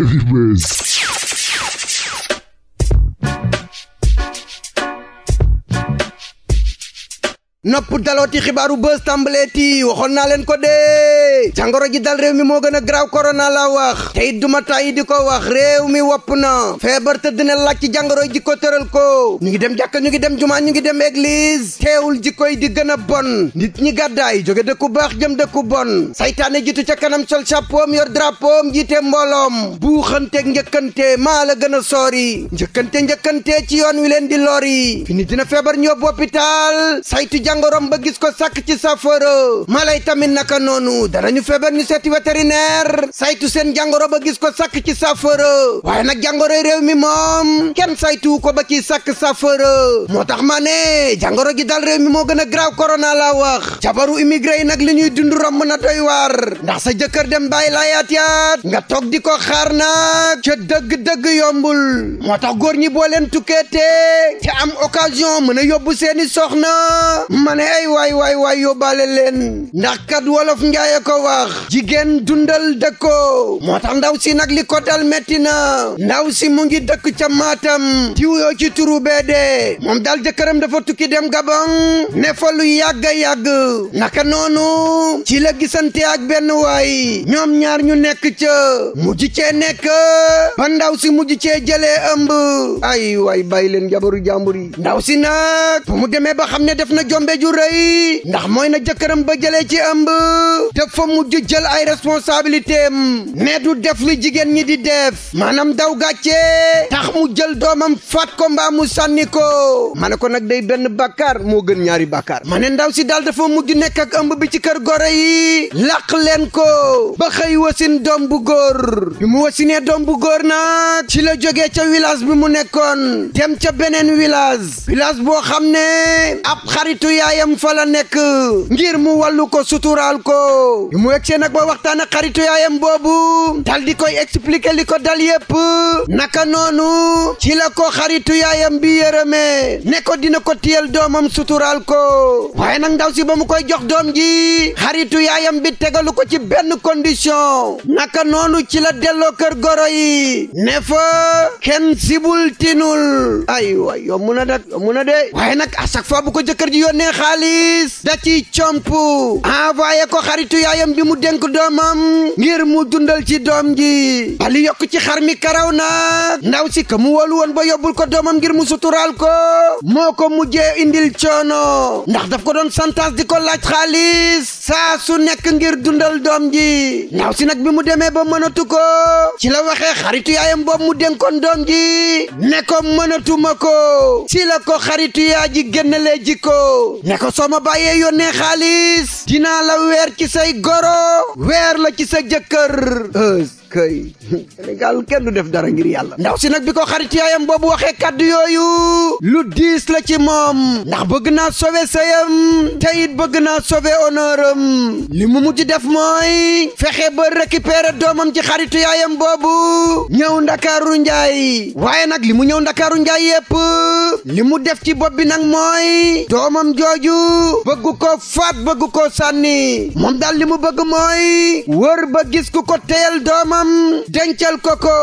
Heavy Bass. nopp dalooti xibaaru bës tàmbaleeti waxoon leen ko dee de jàngoro ji dal réew mi moo gën a graaw korona la wax te it duma tàyyi di ko wax réew mi wopp na feebar tëdd na laaj ci jàngoro ji ko tëral ko ñu ngi dem jàkka ñu ngi dem jumaa ñu ngi dem église teewul ji koy di gën a bon nit ñi gàddaay jóge dëkku baax jëm dëkku bon saytaane jitu ca kanam sol chapeau am yor drapeau am jiite mbooloom buuxanteeg njëkkante maa la gën a soori njëkkante njëkkante ci yoon wi leen di lori fi nit dina feebar ñu yóbbu hôpital saytu jàngoroom ba gis ko sàkk ci safara malay tamit naka noonu ñu feebar ñu seeti vétérinaire saytu seen jàngoro ba gis ko sakk ci saafara waaye nag jàngoro réew mi moom kenn saytu ko ba ci sàkk saafara moo tax ma ne jàngoro gi dal réew mi moo gën a graaw korona laa wax jabaru immigré yi nag li ñuy dund romb na doy waar ndax sa jëkkër dem bàyyi laa yaat yaat nga toog di ko xaar na ca dëgg-dëgg yombul moo tax góor ñi boo leen tukkeete ca am occasion mën a yóbbu seeni soxna ma ne ay way way waay yóbbaale ndax kat wolof njaaye ko wax jigéen dundal dëkkoo moo ndaw si nag li ko dal metti na ndaw si mu ngi dëkk ca Matam di wuyoo ci turu bee dee moom daal jëkkëram dafa tukki dem Gabon ne fa lu yàgg-yàgg naka noonu ci la gisante ak benn waay ñoom ñaar ñu nekk ca mujj cee nekk ba ndaw si mujj cee jëlee ëmb ay way bàyyi leen jabaru jàmbur yi ndaw si nag ba mu demee ba ne def na jombe ju rëy ndax mooy na jëkkëram ba ci ëmb te mujj jël ay responsabilité am ne du def lu jigéen ñi di def maanaam daw gàccee jël doomam faat ko mbaa mu sànni ko ma ne ko nag day benn bàkkaar moo gën ñaari bàkkaar ma ne ndaw si daal dafa mujj nekk ak ëmb bi ci kër gore yi làq leen ko ba xëy wasin doom bu góor bi mu wasinee doom bu góor naa ci la jógee ca village bi mu nekkoon dem ca beneen village village boo xam ne ab xaritu yaayam fa la nekk ngir mu wàllu ko suturaal ko bi mu egsee ba waxtaan ak xaritu yaayam boobu dal di koy expliquer li ko dal yépp naka noonu ci la ko xaritu yaayam bi yërëmee ne ko dina ko tiyal doomam suturaal ko waaye nag ndaw si ba mu koy jox doom ji xaritu yaayam bi tegalu ko ci benn condition naka noonu ci la delloo kër goro yi ne fa kenn sibul tinul ay wa yomb na de yomb de waaye nag à chaque fois bu ko jëkkër ji yónnee xaalis da ci comp envoyé ko xaritu yaayam bi mu dénk doomam ngir mu dundal ci doom ji bali yokk ci xar mi karaw nag ndaw si ka mu wolu woon ba yóbbul ko doomam ngir mu suturaal ko moo ko mujjee indil coono ndax daf ko doon santaas di ko laaj xaalis saa su nekk ngir dundal doom ji ndaw si nag bi mu demee ba mënatu ko ci la waxee xaritu yaayam mu dénkoon doom ji ne ko mënatuma ko si la ko xaritu yaa ji génnalee ji ko ne ko soo ma bàyyee yónnee xaalis dinaa la weer ci say goro weer la ci sa jëkkër kay Sénégal kenn du def dara ngir yàlla ndaw si nag bi ko xarit yaayam boobu waxee kàddu yooyu lu diis la ci moom ndax bëgg naa sauver sëyam te it bëgg naa sauver honneur am li mu mujj def mooy fexe ba récupérer doomam ci xaritu yaayam boobu ñëw ndakaaru njaay waaye nag li mu ñëw ndakaaru njaay yépp li mu def ci bopp bi nag mooy doomam jooju bëgg ko faat bëgg ko sànni moom daal li bëgg mooy wër ba gis ku ko teyal doomam maam dencal ko ko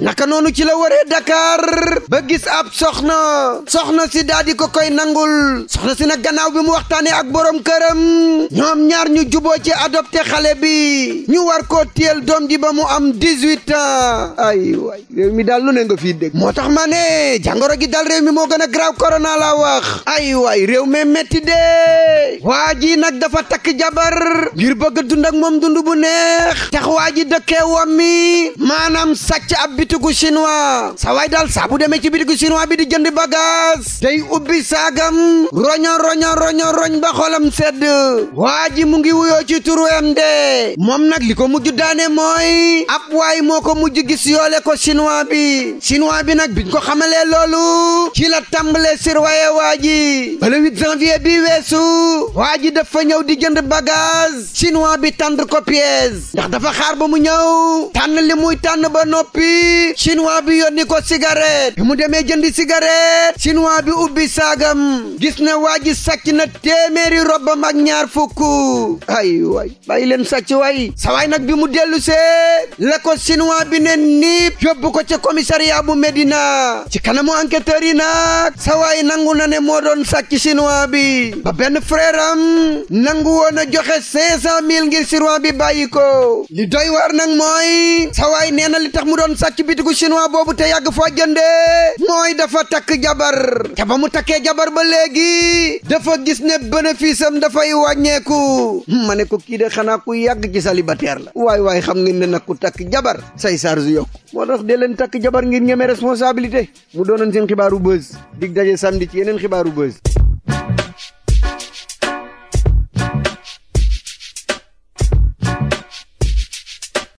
naka noonu ci la waree Dakar ba gis ab soxna soxna si daal di ko koy nangul soxna si nag gannaaw bi mu waxtaanee ak borom këram ñoom ñaar ñu juboo ci adopte xale bi ñu war ko téyel doom ji ba mu am dix-huit ans ay waay réew mi daal lu ne nga fii dégg moo tax ma ne jàngoro gi dal réew mi moo gën a graaw corona laa wax ay waay réew mi metti dee waa ji nag dafa takk jabar ngir bëgg dund ak moom dund neex tax waa ji dëkkee wammi maanaam sàcc ab bitigu chinois sa waay daal bu demee ci bitigu chinois bi di jënd bagage day ubbi saagam roño roño roño roñ ba xolam sedd waa ji mu ngi wuyoo ci turu MD moom nag li ko mujj daane mooy ab waay moo ko mujj gis yoole ko chinois bi chinois bi nag biñ ko xamalee loolu ci la tàmbalee sirwaye waa ji bala 8 janvier bi weesu waa ji dafa ñëw di jënd bagage chinois bi tendre ko pièce ndax dafa xaar ba mu ñaw tànn li muy tànn ba noppi chinois bi yónni ko cigarette bi mu demee jënd cigarette chinois bi ubbi saagam gis na waa ji sàcc na téeméeri robbam ak ñaar fukk ay waay bàyyi leen sàcc waay sawaay nag bi mu dellu see la ko bi ne niip yóbbu ko ca commissariat bu Médina ci kanamu enquêteurs yi nag sawaay nangu na ne moo doon sàcc ba benn frère frèram nangu woon a joxe cinq cent mille ngir chinois bi bàyyi ko li doy war nag mooy sawaay nee na li tax mu doon sàcc bitigu chinois boobu te yàgg foo jëndee mooy dafa takk jabar te mu takkee jabar ba léegi dafa gis ne bénéfice am dafay wàññeeku ma ne ko kii de xanaa ku yàgg ci célibataire la waay waay xam ngeen ne nag ku takk jabar say charge yokk moo tax dee leen takk jabar ngir ñeme responsabilité mu doon doonoon seen xibaaru buzz dig daje samedi ci yeneen xibaaru buzz